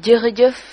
jërëjëf